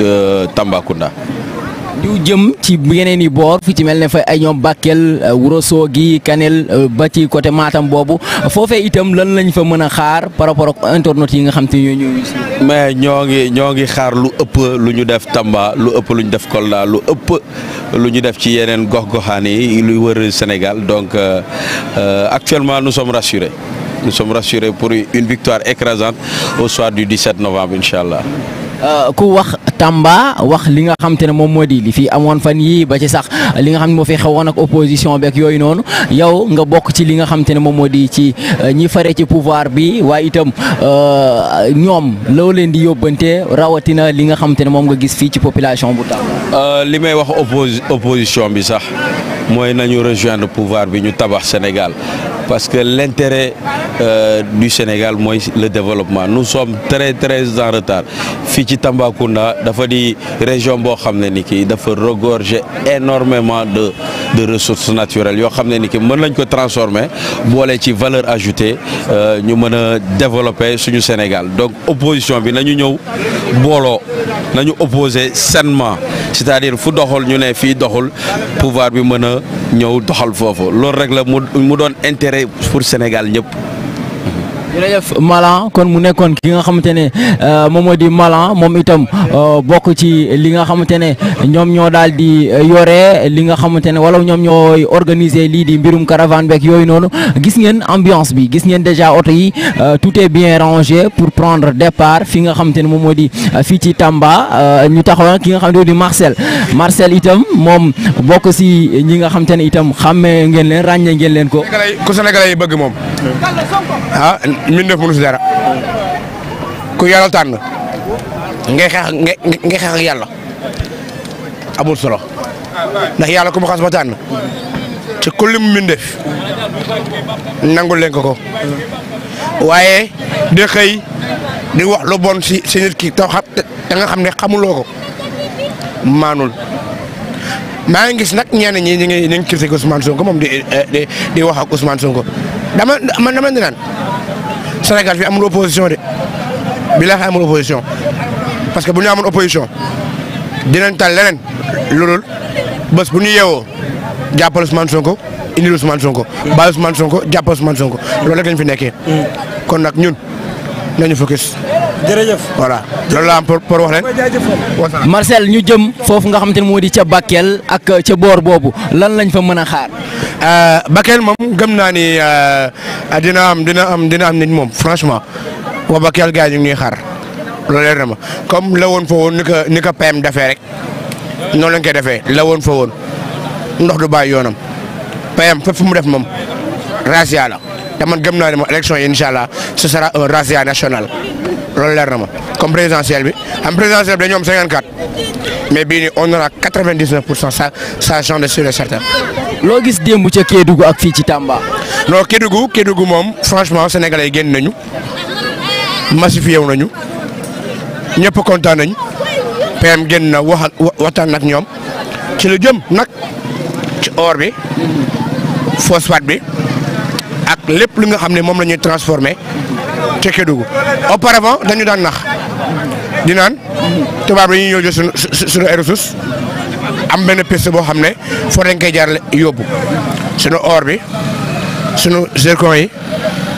Euh, Tambacounda. diw jëm ci yeneen i boor fi ci mel ne fa ay ñoom Bakel Wuroso euh, gi Kanel euh, ba ci côté maatam boobu foofee itam lan lañ fa mën a xaar par rapport ak internautes yi nga xam te ñoo mais ñoo ngi ñoo ngi xaar lu ëpp lu ñu def Tamba lu ëpp lu ñu def Kolda lu ëpp lu ñu def ci yeneen gox-goxaan yi luy wër Sénégal donc actuellement nu sommes rassurés nous sommes rassurés pour une victoire écrasante au soir du 17 novembre incha allah. Euh, ku wax Tamba wax li nga xam te ne moom moo di li fi amoon fan yii ba ci sax li nga xam ne moo fi xewoon ak opposition beeg yooyu noonu yow nga bokk ci li nga xam te ne moom moo di ci euh, ñi fare ci pouvoir bi waaye itam euh, ñoom loo leen di yóbbante rawatina li nga xam te ne moom nga gis fii ci population bu Tamba. li may wax opposition bi sax mooy nañu rejoindre pouvoir bi ñu tabax Sénégal parce que l'intérêt euh, du Sénégal mooy le développement nous sommes très très en retard fii ci Tambacounda dafa di région boo xam ne ni ki dafa regorger énormément de de ressources naturelles yoo xam ne ni ki mën nañ ko transformer boole ci valeur ajoutée euh, ñu mën a développer suñu Sénégal donc opposition bi nañu ñëw booloo nañu opposer sainement c'est-à-dire fu doxul ñu ne fii doxul pouvoir bi mën a ñëw doxal foofu loolu rek la mu doon intéret pour Sénégal ñëpp. malan kon mu nekkoon ki nga xamante ne euh, moom moo di Malang moom itam euh, bokk ci li nga xamante ne ñoom ñoo daal di euh, yore li nga xamante ne wala ñoom ñooy organiser lii di mbirum caravane beeg yooyu noonu gis ngeen ambiance bi gis ngeen déjà oto yi tout est bien rangé pour prendre départ fi nga xamante ne moom moo di fii ci Tamba ñu taxaw ki nga xamante ne di Marcel Marcel itam moom bokk si ñi nga xamante ne itam xàmmee ngeen leen ràññee ngeen leen ko. ku Sénégalais yi bëgg moom. Ah, mbindeef mënu si dara ku yàlla tànn ngay xeex ngay xeex yàlla amul solo ndax yàlla ku mu xas ba tànn ci kulli mu mbindeef leen ko ko waaye di xëy di wax lu bon si si nit ki taw xam da nga xam ne xamuloo ko maanul maa ngi gis nag ñenn ñi ñu ngi ñu ngi critique Ousmane Sonko moom di di wax ak Ousmane Sonko dama dama di naan. Sénégal fi amul opposition de bilaay amul opposition parce que bu ñu amoon opposition dinañ tal leneen loolu bés bu ñu yewoo jàppal Ousmane Sonko indil Ousmane Sonko bàyyi Ousmane Sonko jàppal Ousmane Sonko loolu rek lañ fi nekkee mm. kon nag ñun nañu focus. jërëjëf voilà loolu laa am pour pour wax leen. Marcel ñu jëm foofu nga xamante ne moo di ca Bakel ak ca boor boobu lan lañ fa mën a xaar. Euh, Bakel moom gëm naa ni euh, dina am dina am dina am nit moom franchement waa Bakel gars yi ñu ngi xaar loolu na ma comme la woon fa woon ni ko ni ko PM defee rek noonu lañ koy defee la woon fa woon ndox du bàyyi yoonam PM fépp fu mu def moom razzia la te man gëm naa ne moom élection yi incha allah ce sera lool leer na ma comme présidentielle bi am présidentielle bi dañoo am 54 mais bii nii on aura 99 pour cent ça ça change de sûr et loo gis démb ca Kédougou ak fii ci Tamba. non Kédougou Kédougou moom franchement sénégalais yi génn nañu massifié wu nañu ñëpp kontaan nañu PM génn na wax waxtaan ak ñoom ci lu jëm nag ci or bi mm-hmm. phosphate bi ak lépp li nga xam ne moom la ñuy transformé. ca Kédougou auparavant dañu daan nax di naan tubaab yi ñuy ñëw jël suñu suñu ressource am benn piste boo xam ne foo dañ koy jaarale yóbbu suñu or bi suñu zircon yi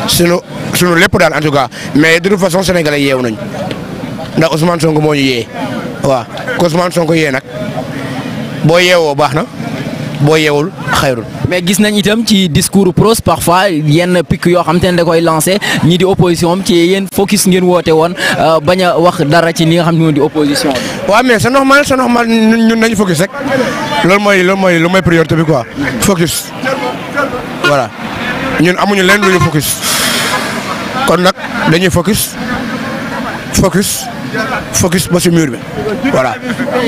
suñu suñu lépp daal en tout cas mais de toute façon sénégalais yeewu nañ ndax Ousmane Sonko moo ñu yee waaw ko Ousmane Sonko yee nag boo yeewoo baax na. boo yeewul xayrul mais gis nañ itam ci discours pros parfois yenn pic yoo xam te ne da koy lancé ñi di opposition am ci yéen focus ngeen woote woon euh, bañ a wax dara ci ni nga xam ne moom di opposition bi. waaw mais c'est normal c'est normal ñun nañu focus rek loolu mooy loolu mooy lu mooy priorité bi quoi focus voilà ñun leen lu ñu dañuy focus focus. focus ba bi voilà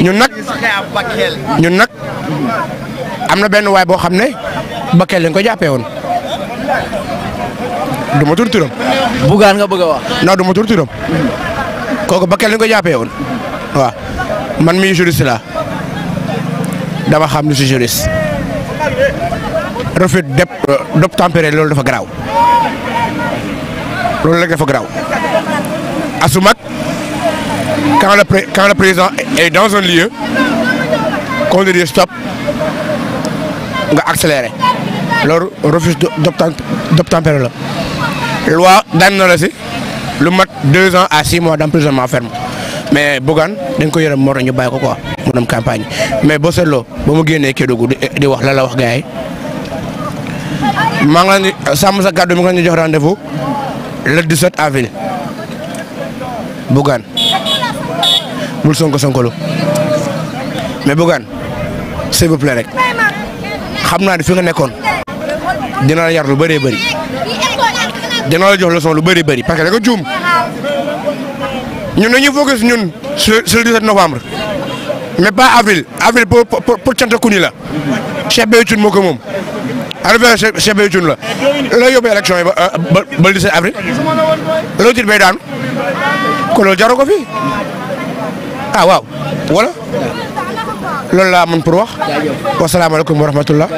ñun nag ñun am na benn waay boo xam ne Bakel lañ ko jàppee woon du ma tur bugaan nga bëgg a wax. non du ma tur kooku Bakel lañ ko jàppee woon waaw man mii juriste la dama xam lu si juriste refus d' obtempérer loolu dafa garaaw loolu rek dafa garaaw asumak quand le quand le président est dans un lieu qu'on lui dit stop. nga accéléré loolu refus d'obtempérer la loi daan na la lu mat deux ans à six mois d'emprisonnement ferme mais Bougane dañ ko yërëm moo tax ñu bàyyi ko quoi mu dem campagne mais boo seetloo ba mu génnee Kédougou di wax la wax gars maa ngi leen di sàmm sa kàddu mi nga ñu jox rendez-vous le 17 avril Bougane bul sonko sonkolu mais Bougane s'il vous plaît rek. xam naa ne fi nga nekkoon dina la yar lu bëree bëri dina la jox leçon lu bëri bëri parce que da nga juum ñun dañuy focus ñun sur le 17 novembre mais pas avril avril pour pour pour cantakun la Cheikh Béthio Thioune moo ko moom anniversaire Cheikh Béthio Thioune la looy yóbbee élection yi ba euh, ba ba avril loo tiit bay daanu ko loolu jaroo ko fi ah waaw wala. loolu laa mën pour wax. wasalaamaaleykum wa rahmatullah.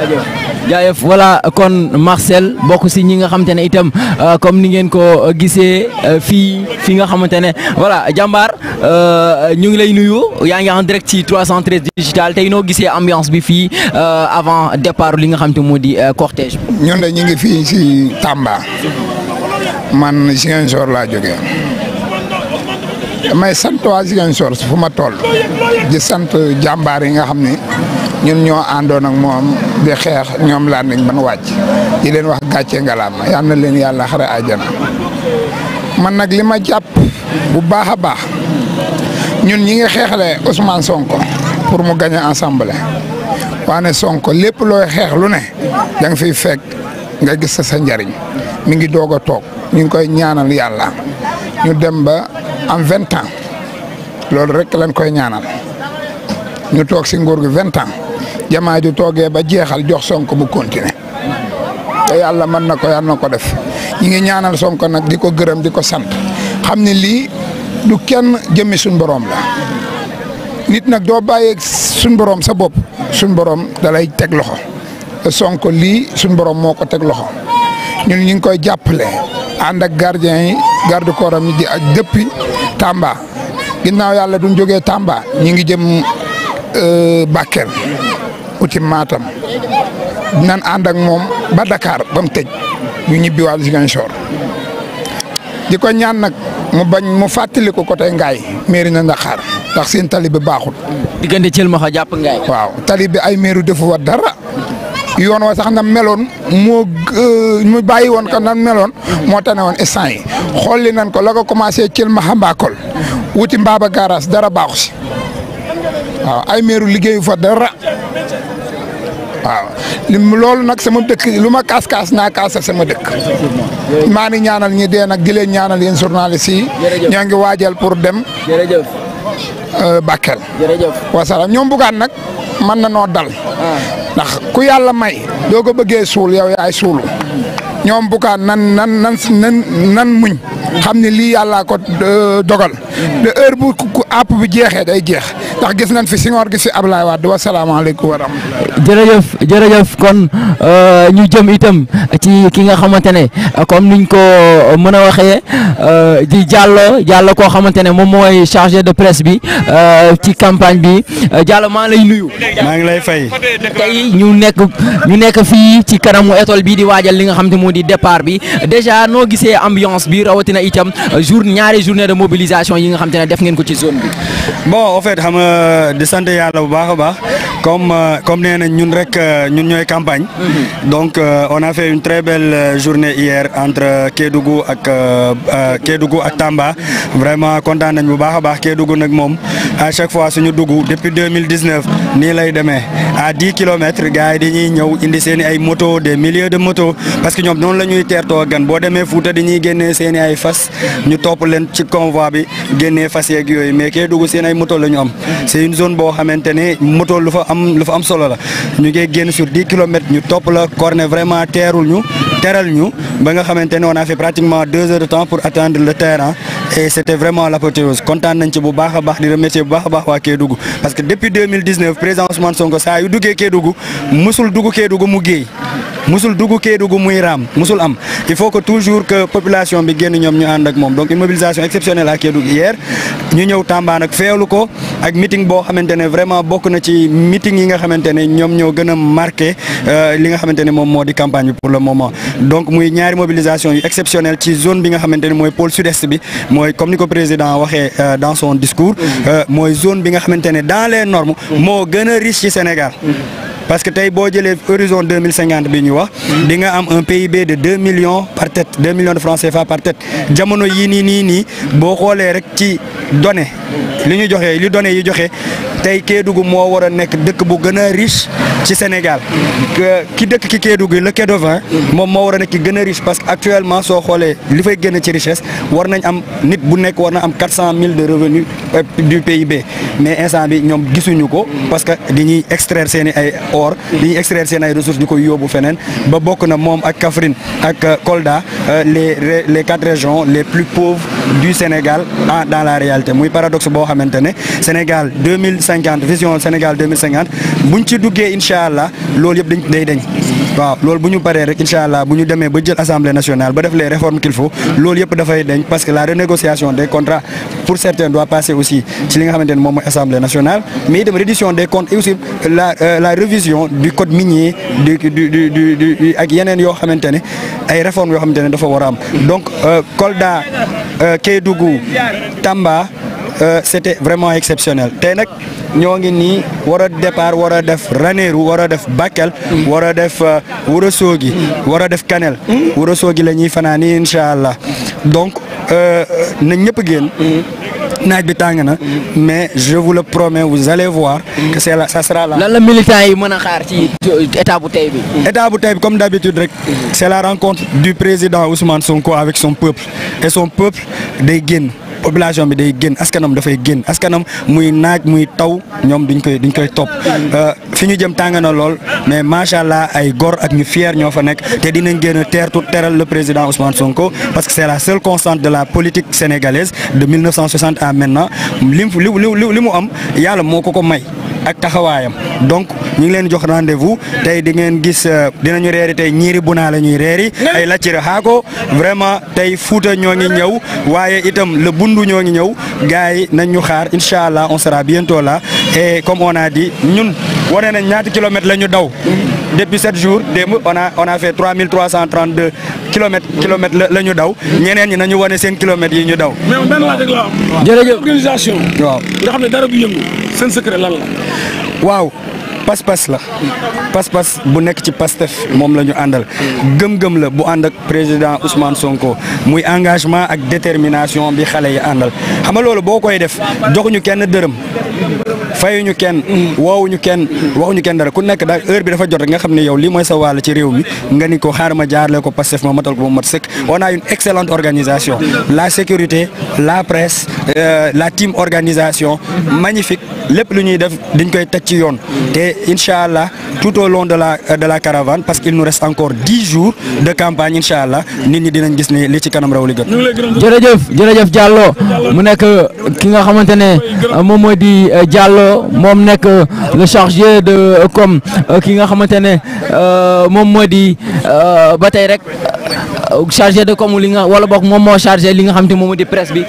jaajëf voilà kon Marcel bokk si ñi nga xamante ne itam euh, comme ni ngeen ko gisee euh, fii fi nga xamante ne voilà jàmbaar euh, ñu ngi lay nuyu yaa ngi en direct ci 313 digital tey noo gisee ambiance bi fii avant départ li nga xamante moo di cortège bi. ñun ñu ngi fii si Tamba man Ziguinchor laa jógee. may sant waa Ziguinchor fu ma toll di sant jàmbaar yi nga xam ni ñun ñoo àndoon nag moom di xeex ñoom laan nañ ban wàcc di leen wax gàcce ngalaama yal na leen yàlla xare àjjana man nag li ma jàpp bu baax a baax ñun ñi ngi xeexle Ousmane Sonko pour mu gagné ensemble waane Sonko lépp looy xeex lu ne da nga fiy fekk nga gis sa sa njariñ mi ngi doog a toog ñu ngi koy ñaanal yàlla ñu dem am vingt ans loolu rek lañ koy ñaanal ñu toog si nguur gi vingt ans jamaa ju toogee ba jeexal jox sonk mu continuer te yàlla mën na ko yàlla na ko def ñi ngi ñaanal Sonko nag di ko gërëm di ko sant xam ne lii du kenn jëmmi suñ borom la nit nag doo bàyyee suñ borom sa bopp suñ borom dalay teg loxo te Sonko lii suñ borom moo ko teg loxo ñun ñu ngi koy jàppale. ànd ak gardien yi garde corps am yi depuis Tamba ginnaaw yàlla duñ jógee Tamba ñi ngi jëm euh, Bakel uti Matam dinañ ànd ak moom ba Dakar ba mu tëj ñu ñibbi wàllu Ziguinchor di ko ñaan nag mu bañ mu fàttali ko côté Ngaye mairie na Ndakaaru ndax seen tali bi baaxul. diggante Thiel ma xa jàpp Ngaye. waaw ay mairu defu wa dara. yoon wa sax na meloon moo mu euh, bàyyi woon ko nan meloon moo tane woon instant yi xolli nan ko la ko commencé cil maxambaakol wuti mbaaba garage dara baaxu si waaw ay meeru liggéeyu fa dara waaw loolu nag sama dëkk lu ma kaas kaas naa kaasal sama dëkk maa ngi ñaanal ñi dee nag di leen ñaanal yéen journaliste yi ñoo ngi waajal pour dem euh, Bakel wasalaam ñoom bugaan nag mën na noo dal ah. ku yàlla may doo ko bëggee suul yow yaay suulu ñoom bukaan nan nan nan nan nan muñ xam ne lii yàllaa ko euh, dogal de heure bu ku àpp bi jeexee day jeex ndax gis nañ fi Senghor gis fi Ablaye Wade wa salaamaaleykum wa rahmatulah. jërëjëf jërëjëf kon euh, ñu jëm itam ci ki nga xamante ne comme niñ ko mën a waxee euh, di Diallo Diallo koo xamante ne moom mooy chargé de presse bi ci campagne bi Diallo maa lay nuyu. maa ngi lay fay. tey ñu nekk ñu nekk fii ci kanamu école bii di waajal li nga xam te moo di départ bi déjà noo gisee ambiance bi rawatina itam jour ñaari journée de mobilisation yi nga xam te ne def ngeen ko ci zone bon en fait xam nga di sant yàlla bu baax a baax comme euh, comme nee nañ ñun rek euh, ñun ñooy campagne. Mhm. donc euh, on a fait une très belle journée hier entre Kédougou ak Kédougou ak Tamba vraiment kontaan nañ bu baax a baax Kédougou nag moom à chaque fois suñu dugg depuis 2019 nii lay demee à 10 kilomètres gars yi dañuy ñëw indi seen i ay moto des milliers de moto parce que ñoom noonu la ñuy teertoo gan boo demee Fouta dañuy génnee seen i ay fas ñu topp leen ci convoi bi génnee fas yeeg yooyu mais Kédougou seen ay moto la ñu am c'est une zone boo xamante ne moto lu fa am solo la ñu ngi génn sur dix kilomètres ñu topp la corner vraiment teerul ñu teral ñu ba nga xamante ne on a fait pratiquement deux heures de temps pour atteindre le terrain et c' vraiment l'apothéose kontaan nañ ci bu baax a baax di remercier bu baax baax waa Kédougou parce que depuis 2019 président saa yu duggee Kédougou musul dugg Kédougou mu géey musul dugg Kédougou muy raam musul am il faut que toujours que population bi génn ñoom ñu ànd ak moom donc une mobilisation exceptionnelle à Kédougou hier ñu ñëw Tamba nag feelu ko ak meeting boo xamante ne vraiment bokk na ci meeting yi nga xamante ne ñoom ñoo gën a marqué euh, li nga xamante ne moom moo di campagne bi pour le moment donc muy ñaari mobilisation yi exceptionnelle ci zone bi nga xamante ne mooy pôle sud-est bi mooy comme ni ko président waxee euh, dans son discours euh, mooy zone bi nga xamante ne dans les normes moo gën a riche Sénégal parce que tey boo jëlee horizon deux mille cinquante bi ñu wax. dinga nga am un PIB de deux millions par tête deux millions de francs CFA par tête jamono yii nii nii nii boo xoolee rek ci données li ñu joxe li données yi joxe tey kee Kédougou moo war a nekk dëkk bu gën a riche. ci Sénégal ki dëkk ki Kédougou le Kédovin moom moo war a nekk ki gën a riche parce que actuellement soo xoolee li fay génn ci richesse war nañ am nit bu nekk war na am quatre cent mille de revenu euh, du PIB mais instant bi ñoom gisuñu ko parce que dañuy extraire seen i ay or dañuy extraire seen ay ressources di koy yóbbu feneen ba bokk na moom ak Kaffrine ak euh, Kolda euh, les les quatre régions les plus pauvres du Sénégal dans la réalité muy paradox boo xamante ne Sénégal 2050 vision Sénégal 2050 buñ ci incha allah loolu yëpp dañ day dañ waaw loolu bu ñu paree rek incha allah bu ñu demee ba jël assemblée nationale ba def les réformes qu'il faut loolu yëpp dafay dañ parce que la renégociation des contrats pour certains doit passer aussi ci li nga xamante ne moom mooy assemblée nationale mais itam réduction des comptes et euh, la révision du code minier du ak yeneen yoo xamante ne ay réformes yoo xamante ne dafa war a am donc euh, Kolda euh, Kédougou Tamba. Euh, c'était vraiment exceptionnel tey nag ñoo ngi nii war a départ war a def Ranérou war a def Bakel. war a def Ourossogui. Euh, war a def Kanel. Ourossogui la ñuy fanaani incha allah donc euh, na ñëpp génn. naaj bi tàng na mais je vous le promets vous allez voir que c'est là ça sera là. lan la militant yi mën a xaar ci état bu tey bi. état bu tey bi comme d'habitude rek. c'est la rencontre du président Ousmane Sonko avec son peuple et son peuple day génn. population bi day génn askanam dafay génn askanam muy naaj muy taw ñoom duñ koy duñ koy topp mm. euh, fi ñu jëm tàng na lool mais macha allah ay gor ak ñu fier ñoo fa nekk te dinañ génn teertu teral le président Ousmane Sonko parce que c'est la seule constante de la politique sénégalaise de 1960 à maintenant li mu li mu am yàlla moo ko ko may. ak taxawaayam donc ñu ngi leen jox rendez tey di ngeen gis euh, dinañu reeri tey ñiiri bunaa la ñuy reeri ay laccir xaako vraiment tey Fuuta ñoo ngi ñëw waaye itam le bundu ñoo ngi ñëw gars yi nañ ñu xaar incha allah on sera bientôt là et comme on a dit ñun wane nañ ñaati kilomètres la ñu daw depuis sept jours démb on a on a fait cent trente deux kilomètres kilomètres la ñu daw ñeneen ñi nañu wane seen kilomètres yi ñu daw. mais benn waaw nga xam ne dara du yëngu la. waaw pas-pas la pas-pas bu nekk ci Pastef moom la ñu àndal gëm-gëm la bu ànd ak président Ousmane Sonko muy engagement ak détermination bi xale yi àndal xam nga loolu boo koy def joxuñu kenn dërëm. fayuñu kenn woowuñu kenn waxuñu kenn dara ku nekk daal heure bi dafa jot nga xam ne yow lii mooy sa wàll ci réew mi nga ni ko xaar ma jaarale ko Pastef ma matal ko ba mat sëkk on a une excellente organisation la sécurité la presse Euh, la team organisation magnifique lépp lu ñuy def dañ koy teg ci yoon te incha allah tout au long de la euh, de la caravane parce qu'il nous reste encore dix jours de campagne incha allah nit ñi dinañ gis ni li ci kanam raw li gën. jërëjëf jërëjëf Diallo mu nekk euh, ki nga xamante ne moom mooy di jàllo moom nekk le chargé de comme ki nga xamante ne moom moo di ba tey rek chargé de com li nga wala boog moom moo chargé li nga xam ne moom di presse bi.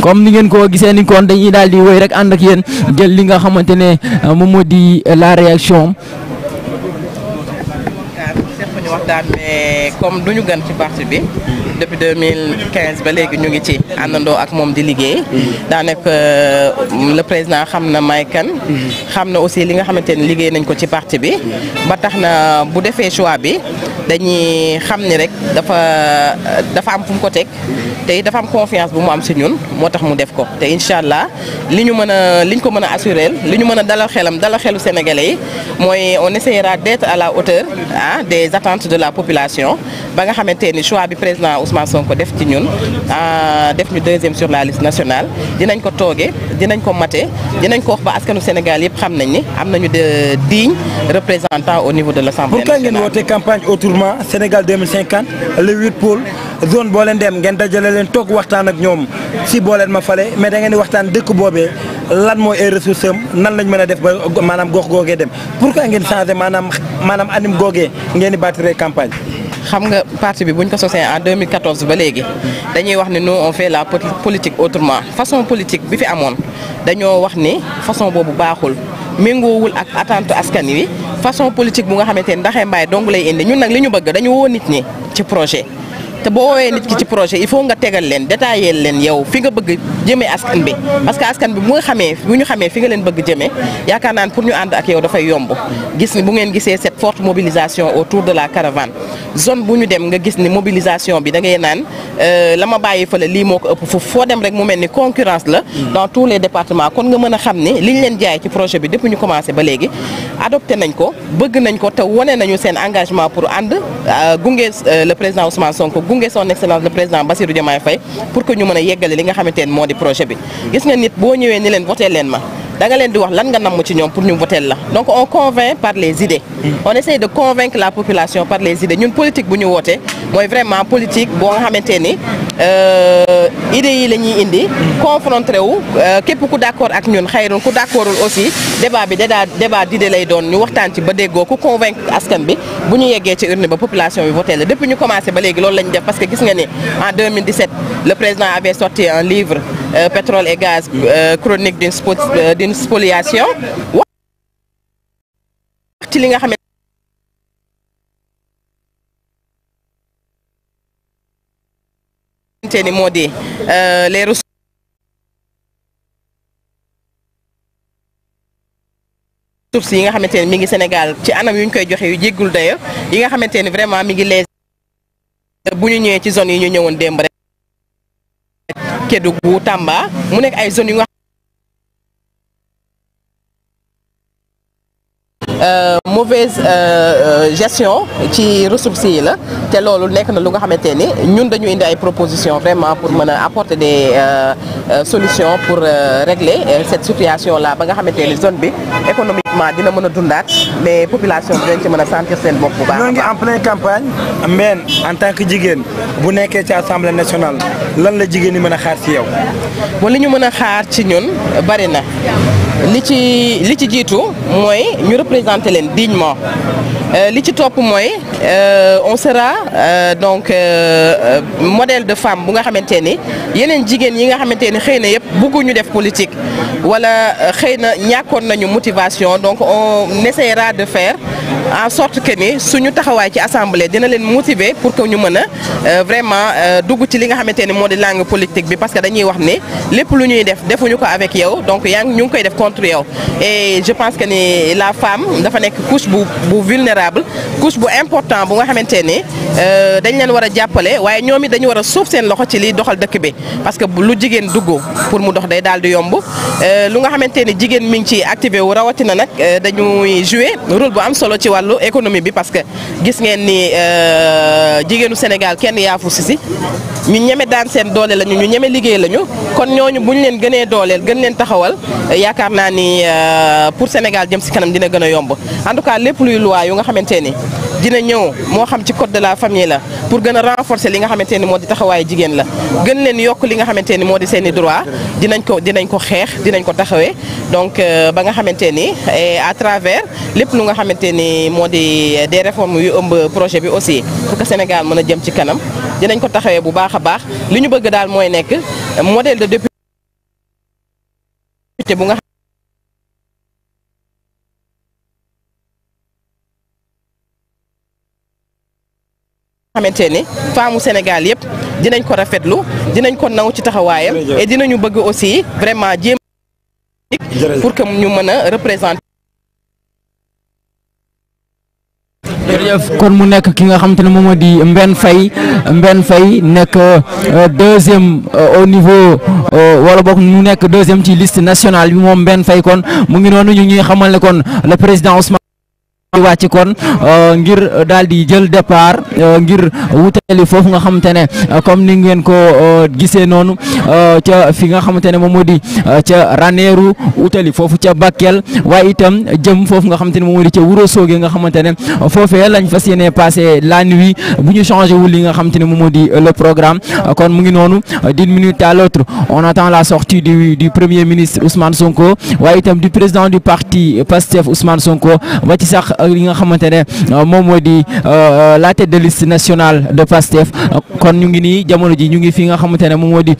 comme ni ngeen ko gisee ni kon dañuy daal di woy rek ànd ak yéen jël li nga xamante ne euh, moom moo di euh, la réaction waxtaan comme duñu gën ci parti bi depuis 2015 ba léegi ñu ngi ci àndandoo ak moom di liggéey daanaka euh, le président xam na may kan xam na aussi li nga xamante ne liggéey nañ ko ci parti bi ba tax na bu defee choix bi dañuy xam ni rek dafa dafa am fu ko teg te dafa am confiance bi mu am si ñun moo tax mu def ko te incha allah li ñu mën a li ñu ko mën a assuré li ñu mën a dalal xelam dalal xelu sénégalais yi mooy on essaiera d' être à la hauteur ah des attentes de la population ba nga xamante ni choix bi président Ousmane Sonko def ci ñun ah, def ñu deuxième sur la liste nationale dinañ ko toogee dinañ ko mate dinañ ko wax ba askanu Sénégal yëpp xam nañ ni am nañu de digne représentant au niveau de l' assemblée nationale. Pourquoi ngeen boo leen boole leen toog waxtaan ak ñoom si booleen ma fale mais da ngeen waxtaan dëkk boobee lan moo ay ressource nan lañ mën a def ba maanaam gox googee dem que ngeen changé maanaam maanaam anim googee ngeen di battre campagne. xam nga parti bi bu buñ ko sosee en 2014 ba léegi dañuy wax ne nous on fait la politique autrement façon politique bi fi amoon dañoo wax ni façon boobu baaxul méngoowul ak attente askan wi façon politique bu nga xamante ni ndaxee mbaay dong lay indi ñun nag li ñu bëgg dañu nit ñi ci projet te boo woowee nit ki ci projet il faut nga tegal leen détaillé leen yow fi nga bëgg jëmee askan bi parce que askan bi bu xamee bu ñu xamee fi nga leen bëgg jëmee yaakaar naan pour ñu ànd ak yow dafay yomb gis ni bu ngeen gisee cette forte mobilisation autour de la caravane zone bu ñu dem nga gis ni mobilisation bi da ngay naan euh, la ma bàyyi fële lii moo ko ëpp foofu foo dem rek mu mel ni concurrence la dans tous les départements kon nga mën a xam ni liñ leen jaay ci projet bi depuis ñu ba léegi adopté nañ ko bëgg nañ ko te wone nañu seen engagement pour ànd euh, gunge euh, le président Ousmane Sonko gunge son excellence le président Bassirou Diomaye Faye pour que ñu mën a yeggale li nga xamante ne moo di projet bi gis nga nit boo ñëwee ni leen voté leen ma da nga leen di wax lan nga namm ci ñoom pour ñu voteel la donc on convainc par les idées hmm. on essaie de convaincre la population par les idées ñun politique bu ñu wootee mooy vraiment politique boo nga xamante ni euh, idées yi la ñuy indi hmm. confronté wu euh, képp ku d'accord ak ñun xayrun ku d'accordul aussi débat bi débat débat lay doon ñu waxtaan ci ba déggoo ku convaincre askan bi bu ñu yeggee ci urne ba population bi voté la depuis ñu commencé ba léegi loolu la ñu def parce que gis nga ni en 2017 le livre Euh, pétrole et gaz euh, chronique d'une spo euh, d'une spoliation wax ci li nga xamante ni moo di les ressources yi nga xamante ni mi ngi Sénégal ci anam yu ñu koy joxe yu jéggul dayo yi nga xamante ni vraiment mi ngi les bu ñu ñëwee ci zone yi ñu ñëwoon démb rek Kédougou Tamba mu nekk ay zones yu nga euh, mauvaise euh, euh, gestion ci ressources yi la te loolu nekk na lu nga xamante ni ñun dañu indi ay proposition vraiment pour mën a apporter des solution pour régler cette situation la ba nga xamante ni zone bi économique développement dina mën a dundaat mais population bi ci mën a sentir seen bopp bu baax. ñoo ngi en pleine campagne. mbeen en tant que jigéen bu nekkee ci assemblée nationale lan la jigéen ñi mën a xaar ci yow. bon li ñu mën a xaar ci ñun bari na li ci li ci jiitu mooy ñu représenté leen dignement euh, li ci topp mooy euh, on sera euh, donc euh, euh, modèle de femme bu nga xamante ni yeneen jigéen yi nga xamante ni xëy na yëpp bëgguñu def politique wala euh, xëy na ñàkkoon nañu motivation donc on essaiera de faire en sorte que ni suñu taxawaay ci assemblée dina leen motiver pour que ñu mën a euh, vraiment euh, dugg ci li nga xamante ni moo di langue politique bi parce que dañuy wax ni lépp lu ñuy def defuñu ko avec yow donc yaa ngi ngi koy def contre yow et je pense que ni la femme dafa nekk couche bu bu vulnérable couche bu important bu nga xamante ni dañ leen war a jàppale waaye ñoom it dañu war a suuf seen loxo ci liy doxal dëkk bi parce que lu jigéen dugg pour mu dox day daal di yomb Euh, lu nga xamante ni jigéen mi ngi ci activé wu rawatina nag euh, dañuy jouer rôle bu am solo ci wàllu économie bi parce que gis ngeen ni euh, jigéenu Sénégal kenn yaa si si ñu ñeme daan seen doole lañu ñu ñeme liggéey lañu kon ñooñu bu ñu leen gënee dooleel gën leen taxawal yaakaar naa ni pour Sénégal jëm si kanam dina gën yomb en tout cas lépp luy loi yu nga xamante ni dina ñëw moo xam ci code de la famille la pour gën a renforcer li nga xamante ni moo di taxawaay jigéen la gën leen yokk li nga xamante ni moo di seen i droit dinañ ko dinañ ko xeex dinañ ko taxawee donc euh, ba nga xamante ni à travers lépp lu nga xamante ni moo di euh, des réformes yu ëmb projet bi aussi pour Sénégal mën a jëm ci kanam dinañ ko taxawee bu baax a baax li ñu bëgg daal mooy nekk modèle de député bu nga xamante ni faamu Sénégal yëpp dinañ ko rafetlu dinañ ko naw ci taxawaayam et dinañu bëgg aussi vraiment jéem pour que ñu mën a représenter. kon mu nekk ki nga xamante ne moom moo di Mbène fay Mbène fay nekk euh, deuxième euh, au niveau euh, wala boog mu nekk deuxième ci liste nationale bi moom Mbène Faye kon mu ngi noonu ñu ñuy xamal ne kon le président Ousmane. wàcc kon euh, ngir daal di jël départ euh, ngir wutali foofu nga xamante ne euh, comme ni ngeen ko gisee noonu ca fi nga xamante ne moom moo di ca Ranérou wutali foofu ca Bakel waaye itam jëm foofu nga xamante ne moom moo di ca Wuro Soge nga xamante ne foofee lañ fas yéene passé la nuit bu ñu changé wul li nga xamante ne moom moo di le programme kon mu ngi noonu d'une minute à l'autre on la sortie du du premier ministre Ousmane Sonko waaye itam du président du parti Pastef Ousmane Sonko ba ci sax ak li nga xamante ne euh, moom moo di euh, euh, la tête de liste nationale de Pastef kon ñu ngi nii jamono ji ñu ngi fi nga xamante ne moom moo di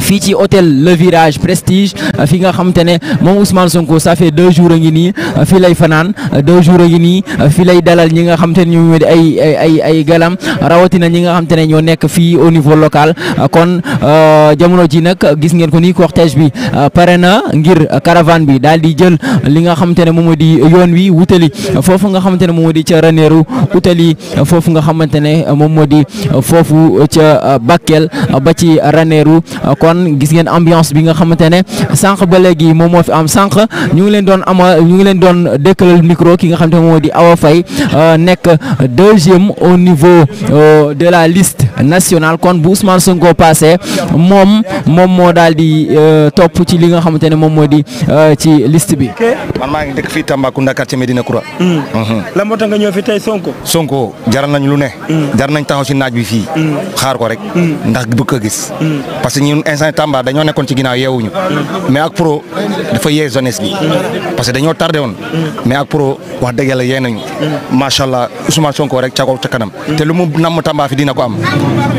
fii ci hôtel Le Virage Prestige fi nga xamante ne moom Ousmane Sonko ça fait deux jours a ngi nii fii lay fanaan deux jours a ngi nii fii lay dalal ñi nga xamante ne ñoo di ay ay ay rawatina ñi nga xamante ne ñoo nekk fii au niveau local kon euh, jamono ji nag gis ngeen ko nii cortège bi euh, pare na ngir caravane bi daal di jël li nga xamante ne moom moo di yoon wi wutali foofu nga xamante ne moom moo di ca Ranérou wutali foofu nga xamante ne moom moo di foofu ca Bakel ba ci Ranérou. kon gis ngeen ambiance bi nga xamante ne ba léegi moom moo fi am sànq ñu ngi leen doon ama ñu ngi leen doon dëkkalal micro ki nga xamante ne moo di Awa Faye euh, nekk deuxième au niveau euh, de la liste national kon bu Ousmane Sonko passé moom moom moo daal di euh, top ci li nga xamante ne moom moo di ci liste bi. man maa ngi dëkk fii Tambacounda quartier Medina Coura. Hmm. Mhm. la moo tax nga ñëw fi tey Sonko. Sonko jaral lu ne. Hmm. jar nañ taxaw ci naaj bi fii. Hmm. xaar ko rek. ndax bëgg gis. parce que instant Tamba dañoo nekkoon ci ginnaaw yeewuñu mais ak pro dafa yee jeunesse bi parce que dañoo tardé woon mais ak pro wax dëgg yàlla yee nañu macha allah Ousmane Sonko rek ca kaw ca kanam te lu mu namm Tamba fi dina ko am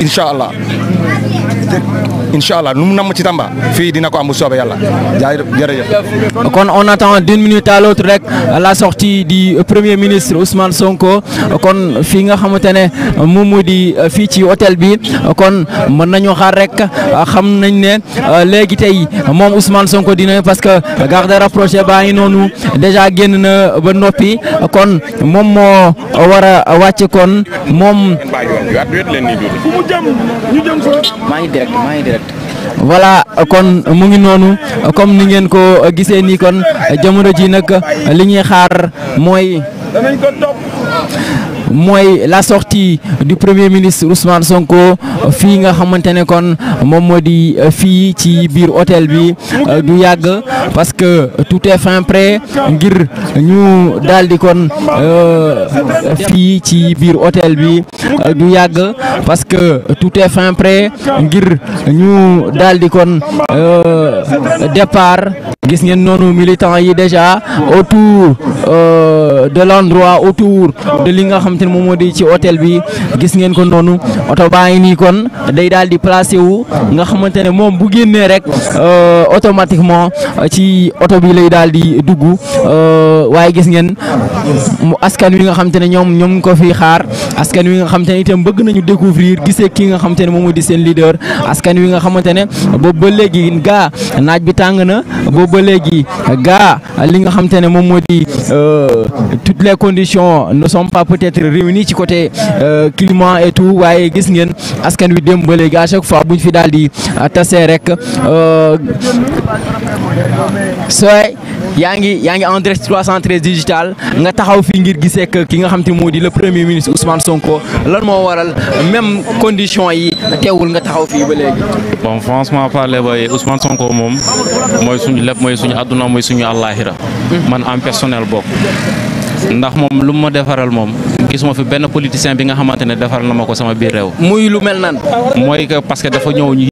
incha allah incha allah nu mu namm ci Tamba fii dina ko am bu soobee yàlla jërëjëf. kon on attend d'une minute à l'autre rek la sortie di premier ministre Ousmane Sonko kon fii nga xamante ne moom moo di euh, fii ci hôtel bi kon mën nañu xaar rek euh, xam nañ ne euh, léegi tey moom Ousmane Sonko dina parce que garde rapproché baa ngi noonu déjà génn na ba noppi kon moom moo war a wàcc kon moom. directement indirect. voilà kon mu ngi noonu comme ni ngeen ko gisee nii kon jamono ji nag li ñuy xaar mooy. mooy la sortie du premier ministre Ousmane Sonko fii nga xamante ne kon moom moo di euh, fii ci biir hôtel bi euh, du yàgg parce que tout est fin prêt ngir ñu daal di kon euh, fii ci biir hôtel bi du yàgg parce que tout est fin prêt ngir ñu daal di kon départ gis ngeen noonu militants yi déjà autour de l'endroit autour de li nga xam ne moom moo di ci hôtel bi gis ngeen ko noonu oto baa ngi nii kon day daal di placé wu nga xamante ne moom bu génnee rek euh, automatiquement ci oto bi lay daal di dugg euh, waaye gis ngeen askan wi nga xam te ne ñoom ñoom ko fi xaar askan wi nga xam te ne itam bëgg nañu découvrir gisee ki nga xam ne moom moo di seen lider askan wi nga xamante ne boobu ba léegi gaa naaj bi tàng na boobu ba léegi gaa li nga xam ne moom moo di euh, toutes les conditions ne sont pas peut-être réunies ci côté euh, climat et tout waaye gis ngeen askan wi démb ba léegi à chaque fois buñ fi daal di euh, tasee rek euh, sooy yaa ngi yaa ngi en direct 313 digital nga taxaw fii ngir gisee ak ki nga xam te moo di la premier ministre Ousmane Sonko lan moo waral même condition yi teewul nga taxaw fii ba léegi. bon franchement parler moom mooy suñu lépp mooy suñu àdduna mooy suñu àllaaxira hmm. man en personnel bokk. ndax moom lu ma defaral moom gisuma fi benn politicien bi nga xamante ne defaral na ma ko sama biir réew. muy lu mel nan mooy que parce que dafa ñëw ñu